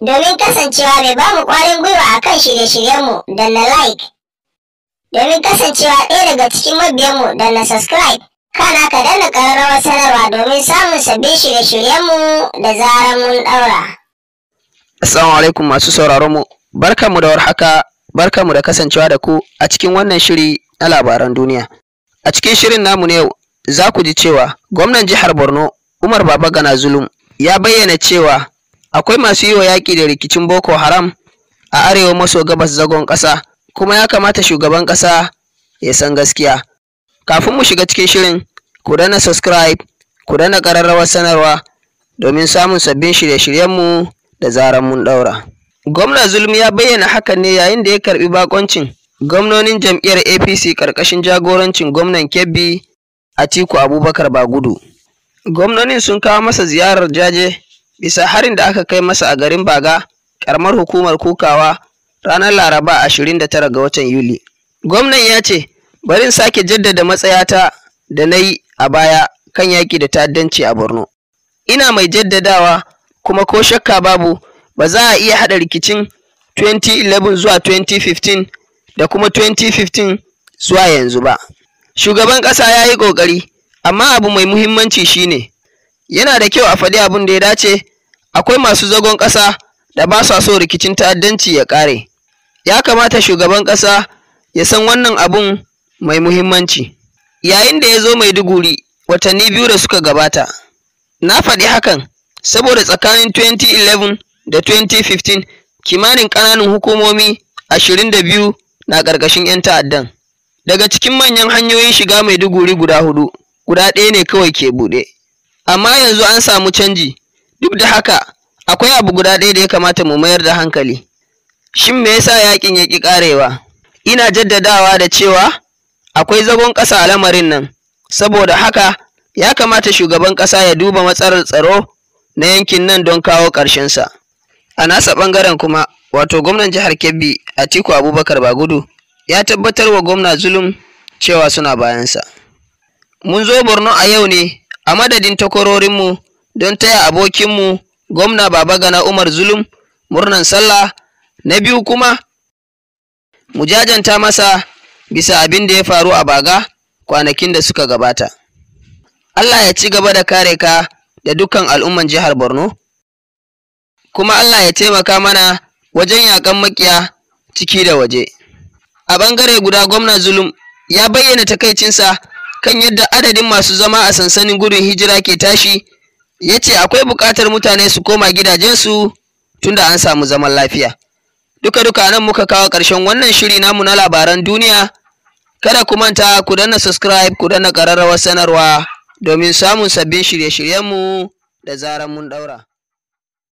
domin kasancewa mai bamu kwarin gwiwa a kan shirye-shiryenmu da na like domin kasancewa ɗaya daga cikin mabiyanmu da na subscribe kana ka danna ƙararrawar sanarwa domin samun sabbin shirye-shiryenmu da zarar mun ɗaura. Assalamu alaikum masu sauraron mu barkanmu da warhaka barkanmu da kasancewa da ku a cikin wannan shiri na labaran duniya. A cikin shirin namu ne yau za ku ji cewa gwamnan jihar Borno Umar Baba Gana Zulum ya bayyana cewa Akwai masu yi wa yaƙi da rikicin Boko Haram a arewa maso gabas zagon ƙasa, kuma ya kamata shugaban ƙasa ya san gaskiya. Kafin mu shiga cikin shirin, ku dana subscribe, ku dana ƙararrawar sanarwa domin samun sabbin shirye-shiryenmu da zarar mun ɗaura. Gwamna Zulmi ya bayyana hakan ne yayin da ya karɓi bakoncin gwamnonin jam'iyyar APC ƙarƙashin jagorancin gwamnan Kebbi Atiku Abubakar Bagudu. Gwamnonin sun kawo masa ziyarar jaje bisa harin da aka kai masa a garin Baga, karamar hukumar Kukawa ranar Laraba 29 ga watan Yuli. Gwamnan ya ce, barin sake jaddada matsayata da na yi a baya kan yaƙi da ta'addanci a Borno. Ina mai jaddadawa kuma ko shakka babu ba za a iya haɗa rikicin 2011 zuwa 2015 da kuma 2015 zuwa yanzu ba. Shugaban ƙasa ya yi ƙoƙari, amma abu mai muhimmanci shine Yana da kyau a faɗi abin da ya dace, akwai masu zagon ƙasa da ba sa so rikicin ta'addanci ya ƙare. Ya kamata shugaban ƙasa ya san wannan abun mai muhimmanci. Yayin da ya zo Maiduguri watanni biyu da suka gabata, na faɗi hakan saboda tsakanin 2011 da 2015 kimanin ƙananan hukumomi 22 na ƙarƙashin 'yan ta'addan. Daga cikin manyan hanyoyin shiga Maiduguri guda hudu, guda ɗaya ne kawai ke buɗe. Amma yanzu an samu canji, duk da haka akwai abu guda ɗaya da ya kamata mu mayar da hankali. Shin me yasa yakin ya ƙi ƙarewa? Ina jaddadawa da cewa akwai zagon ƙasa a lamarin nan, saboda haka ya kamata shugaban ƙasa ya duba matsalar tsaro na yankin nan don kawo ƙarshensa. A nasa ɓangaren kuma, wato gwamnan jihar Kebbi Atiku Abubakar Bagudu ya tabbatar wa gwamna Zulum cewa suna bayansa. Mun zo Borno a yau ne a madadin takwarorinmu don taya abokinmu gwamna baba na umar zulum murnan sallah na biyu kuma mu jajanta masa bisa abin da ya faru a baga kwanakin da suka gabata allah ya ci gaba da kare ka da dukkan al'umman jihar borno kuma allah ya taimaka mana wajen yakan makiya ciki da waje a bangare guda gwamna zulum ya bayyana takaicinsa kan yadda adadin masu zama a sansanin gudun hijira ke tashi ya ce akwai buƙatar mutane su koma gidajensu tunda an samu zaman lafiya duka duka nan muka kawo ƙarshen wannan shiri namu na labaran duniya kada ku manta ku danna subscribe ku danna ƙararrawar sanarwa domin samun sabbin shirye-shiryenmu da zarar mun ɗaura